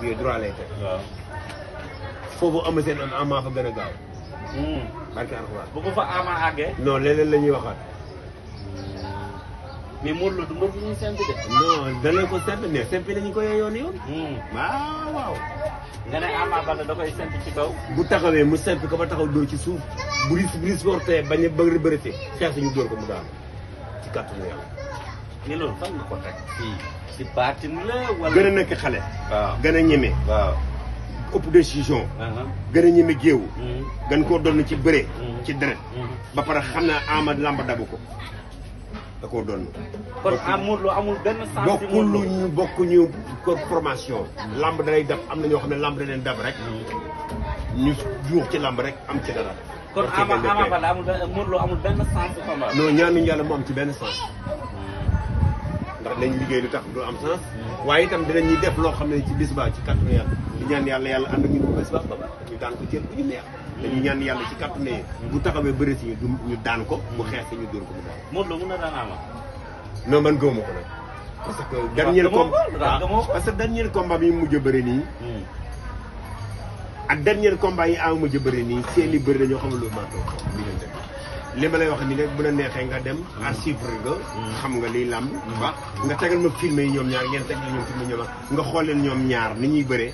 bii droit lay teg. waaw foofu am seen am amaa fa gën a gaaw. Hmm. barke alxuraan. bu ko fa amaa àggee. non leneen la ñuy waxaat. Hmm. mais Modou Lo du mbër bu ñuy simpi de. non danañ ko simpi ne simpi nañu ko yoon yoon. Hmm. waaw waaw. nga da koy simpi ci kaw. bu taxawee mu simpi ko ba taxaw doo ci suuf bu risque risque bañ a bëri bëri te xeex ñu dóor ko mu daal ci kàttanu yàlla. mais loolu ko teg fii si baatin la wala. gën a nekk xale. waaw gën a ñeme. waaw décision. Uh-huh. gën a ñeme géewu. Mm-hmm. gën koo doon ci bëre. Mm-hmm. ci deret. Mm-hmm. ba pare xam naa ama làmb dabu ko. da koo doon. kon amul lu amul benn sens. bokkul lu ñu bokk ñu ko formation. lamb da lay dab am na ñoo xam ne lamb da leen dab rek. ñu juux ci lamb rek am ci dara. kon ama ama amul benn amul yàlla moom ci benn sens. ndax dañ liggéey lu tax du am sens waaye itam ñuy def loo xam ne ci bis ba ci kàttanu yàlla di ñaan yàlla yàlla ànd ak ñun ñu daan ko cër bu yàlla ci kàttanu ne bu taxawee bëri si ñu daan ko mu xeex si ñu dóor ko mu daan Modou Lo mën na daan Ama non man gëwuma ko nag parce que dernier combat parce que dernier combat bi ñu a bëri nii hmm. ak dernier combat yi am mujj bëri nii seen i bëri dañoo xam ne loolu maa toog li ma lay wax ni rek bu la neexee nga dem archive nga mm. xam nga liy làmb ba mm. nga tegal ma film yi ñoom ñaar ngeen tegal ñoom film ñoom nga xool leen ñoom ñaar ni ñuy bëree